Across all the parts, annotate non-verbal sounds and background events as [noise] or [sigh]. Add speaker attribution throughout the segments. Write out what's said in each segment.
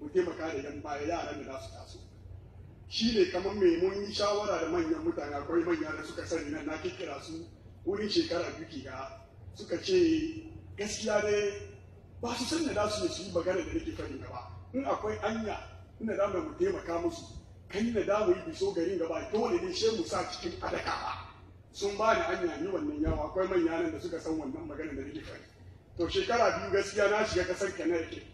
Speaker 1: mu taimaka da yan baya yaran da za su taso shi ne kamar mai mun yi shawara da manyan mutane akwai manya da suka sani nan na kikkira su wurin shekara biyu ga suka ce gaskiya ne ba su san da za su su yi magana da nake fadin gaba in akwai anya ina da mu taimaka musu kai na da mu yi biso garin gaba dole ne she mu sa cikin adaka sun ba ni anya ni wannan yawa akwai manya nan da suka san wannan magana da nake fadi to shekara biyu gaskiya na shiga kasar Connecticut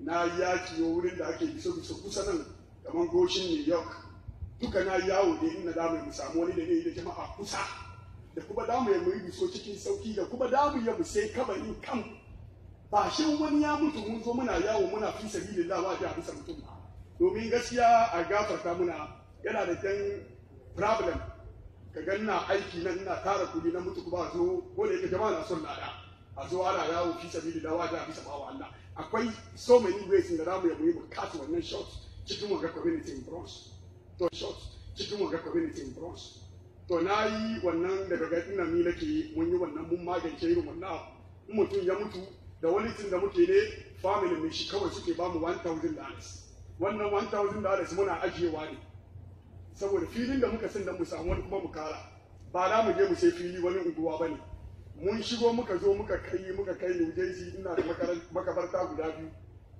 Speaker 1: na yaki wurin da ake bisa bisa kusa nan kamar goshin new york duka na yawo da inda da mu samu wani da ne da jama'a kusa da kuma damu ya yi biso cikin sauki da kuma damu ya mu sai kaba kabarin kan ba shi wani ya mutu mun zo muna yawo muna fi sabilillah ba da bisa mutum ba domin gaskiya a gafarta muna yana da dan problem ka ganna aiki nan ina tara kudi na mutu ba zo ko da ita jama'a na son lada a zo ana yawo fi sabi da dawa da bisa bawa Allah akwai so many ways da zamu yabo mu kasa wannan shot cikin wanga community in bronze to shot cikin wanga community in bronze to na yi wannan daga ga ina ni nake mun yi wannan mun magance irin wannan abu in mutum ya mutu da wani tun da muke ne family mai shi kawai suke bamu 1000 dollars wannan 1000 dollars muna ajiyewa ne saboda filin da muka san da mu samu wani kuma mu kara ba da mu je mu sai fili wani unguwa ba ne mun shigo muka zo muka kai muka kai New ina da makabarta guda biyu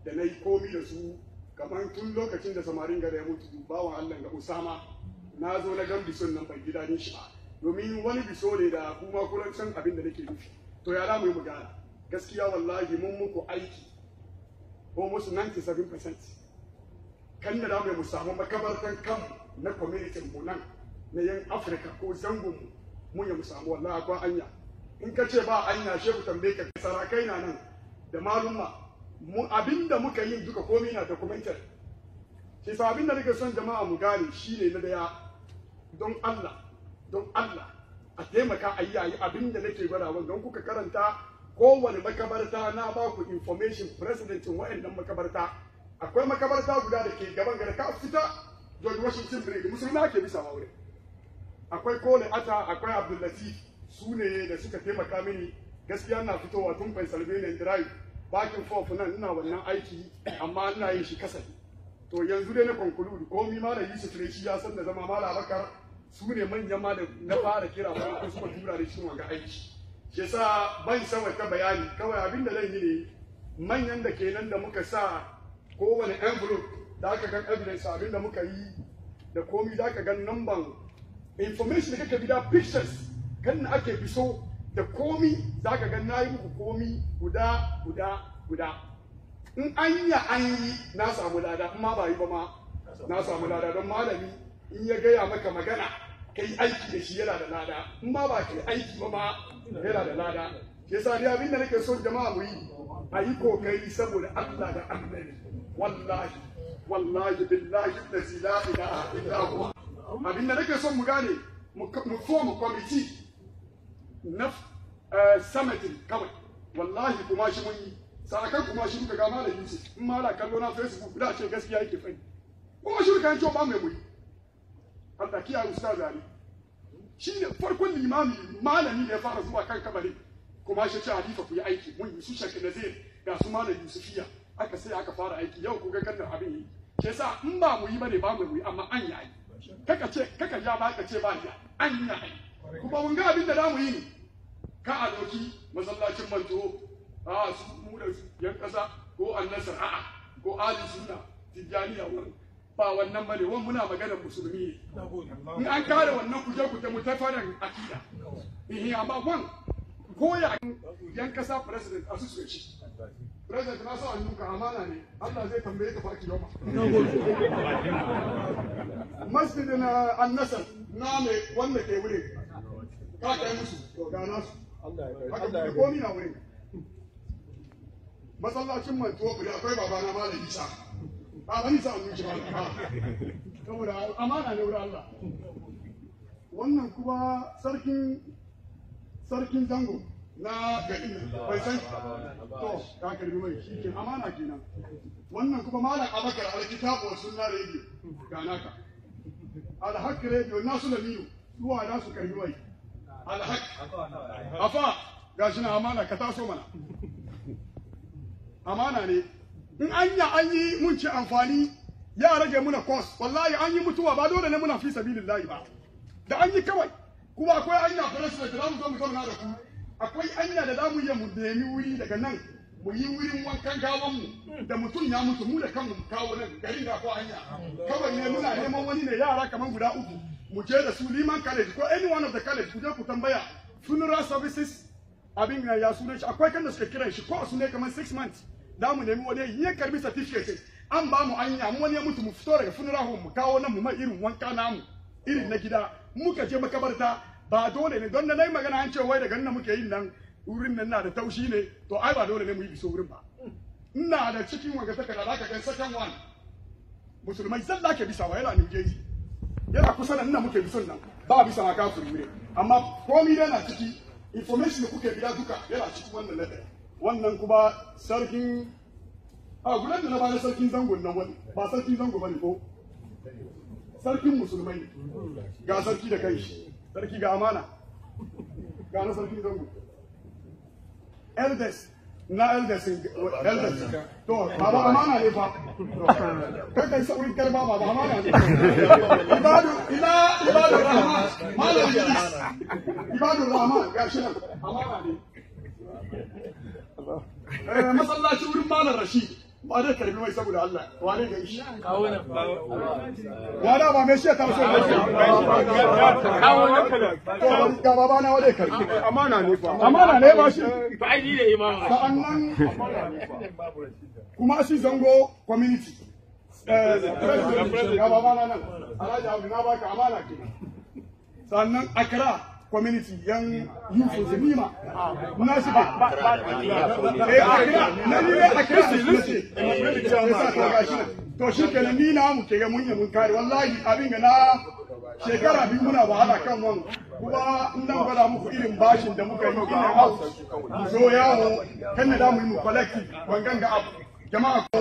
Speaker 1: da na yi komi da su kamar tun lokacin da samarin gada ya mutu bawan Allah ga Usama na zo na gan bison nan ban gida shi ba domin wani biso ne da kuma kurancan abin da nake nufi to ya da mu yi magana gaskiya wallahi mun muku aiki almost 97% kan da mu mu samu makabartan kan na community mu nan na yan Afirka ko zangon mu mun ya mu samu wallahi akwai anya in ka ce ba anya sheku tambaye ka sarakai na nan da malumma mu abinda muka yi duka komai na documented shi sa abinda nake son jama'a mu gane shine na daya don Allah don Allah a taimaka a yi yayi abinda nake gwadawa don kuka karanta kowane makabarta na ba ku information presidentin wa'annan makabarta akwai makabarta guda da ke gaban gari ka fita George Washington Bridge musulma ke bisa aure akwai kole ata akwai Abdul su ne da suka taimaka mini gaskiya na fitowa tun Pennsylvania Drive bakin fof nan ina wannan aiki amma ina yin shi kasafi to yanzu dai na conclude komi ma da Yusuf ne shi ya san da zama mala bakar su ne manyan ma da na fara kira ba ko suka tura da shi wanga aiki yasa ban ta bayani kawai abin da zan yi ne manyan da ke nan da muka sa kowane envelope da aka gan evidence abin da muka yi da komi za ka gan numban information da kake bi da pictures na ake so da komi za ka ga na yi muku komi guda guda guda in an yi an yi na samu lada in ma ba yi ba ma na samu lada don malami in ya gaya maka magana ka yi aiki da shi yana da lada in ma ba kai aiki ba ma yana da lada ke sa ni abin da nake so jama'a mu yi a yi kokari saboda Allah da Allah wallahi wallahi billahi da la a illa huwa abin da nake so mu gane mu mu kwamiti. na eh, samatin kawai wallahi kuma shi mun yi sarakan kuma shi muka ga malam yusuf in mala kallo na facebook da ce gaskiya yake fani kuma shi kan ba mai muyi Allah kiya ustaz Shi ne farkon limami malami da ya fara zuwa kan kabari kuma shi ce halifa ku yi aiki mun yi su shakka nazir ga su malam yusufiya aka sai aka fara aiki yau ku ga kannan abin yi ke sa in ba mu yi bane ba mu yi amma an yi kaka ce kaka ya ba ka ce ba ya an yi kuma mun ga abin da za mu yi ne ka a ɗauki masallacin manto a su mu da yan ƙasa ko annasar a'a ko ali suna tijjaniya wani ba wannan bane wani muna maganar musulmi ne in an kare wannan kuje kuje mu ta farin akida eh amma wan ko ya yan ƙasa president a su su ci president na sa hannu ka amana ne Allah zai tambaye ka fara yau masjidin eh, annasar na mai wanda ke wurin ka kai musu to ga nasu haka komi na wurin masallacin tuwo buri akwai babana malam isa ba bani sa annuci ba saboda amana ne wurin Allah wannan kuma sarkin sarkin zango na gari bai san to ka karbi mai shi ke amana kenan wannan kuma malam abakar alkitabu wa sunna radio ga naka alhaq radio na da miyo zuwa nasu karbi mai alhaq afa gashi na amana ka taso mana [laughs] amana ne in anya an yi mun ci amfani ya rage muna cost wallahi an yi mutuwa ba dole ne muna fi sabilillahi ba da an yi kawai kuma akwai anya farasa da zamu zo mu zauna da ku akwai anya da zamu yi mu nemi wuri daga nan mu yi wurin wankan gawan mu da mutum ya mutu mu da kanmu mu kawo nan garin da ko anya kawai ne muna neman wani ne yara kamar guda uku mu je da su liman college ko any one of the college ku ku tambaya funeral services abin nan ya sunan shi akwai kan da suka kiran shi ko su ne kamar 6 months da mu nemi wani ya karbi certificate an ba mu anya mu wani ya mutu mu fito daga funeral home mu kawo nan mu mai irin wanka namu irin na gida muka je makabarta ba dole ne don na nayi magana an ce wai daga nan muke yin nan wurin nan na da taushi ne to ai ba dole ne mu yi biso wurin ba ina da cikin wanga da zaka kai second one musulmai zalla ke wa yana New jeji yana kusa da nuna muke bisan nan ba bisa ma kafiri ne amma komi yana ciki information da kuke biya duka yana ciki wannan letter wannan kuma sarkin a gudan da na bada sarkin zangon nan wani ba sarkin zango bane ko sarkin musulmai ga sarki da kai sarki ga amana ga na sarkin zango eldest na elders to baba amana ne fa kai kai saurin karba baba amana ne ibadu ila ibadu rahman malam idris ibadu rahman ga shi amana ne masallacin wurin malam rashid ba da karbi mai saboda Allah wani da shi kawo na wala ba me shi ta so ba kawo na to ga baba na wale karbi amana ne ba amana ne ba shi ba ai ne imam sa'annan kuma shi zango community eh, ga baba na nan alhaji abu na baka amana ke sannan akra community yan yusu su nima na shi ba ba ba na ni ne a kira su lusi to shi ke ni na mu mun yi wallahi abin ga na shekara biyu muna ba hada kan wani kuma in dan gwada muku irin bashin da muka yi ina house zo yawo kan da mu yi mu collective wangan ga abu jama'a ko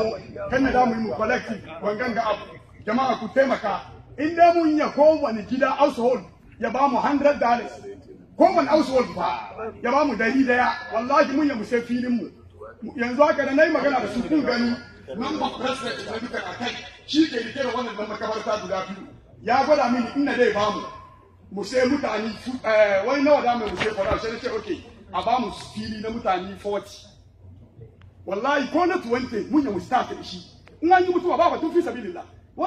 Speaker 1: kan da mu yi mu collective wangan ga abu jama'a ku taimaka in dai mun ya wani gida household ya ba mu 100 dollars mun household ba ya ba mu dari daya wallahi mun ya mu sai filin mu yanzu haka da nayi magana da su kun gani ba president da a akai shi ke da kira wannan da makabarta guda biyu ya gwada mini na dai ba mu mu sai mutane eh, wai nawa da mu sai fara sai ce okay a ba mu fili na mutane 40 wallahi ko na 20 mun ya mu start shi in an yi mutuwa ba tun fi sabilillah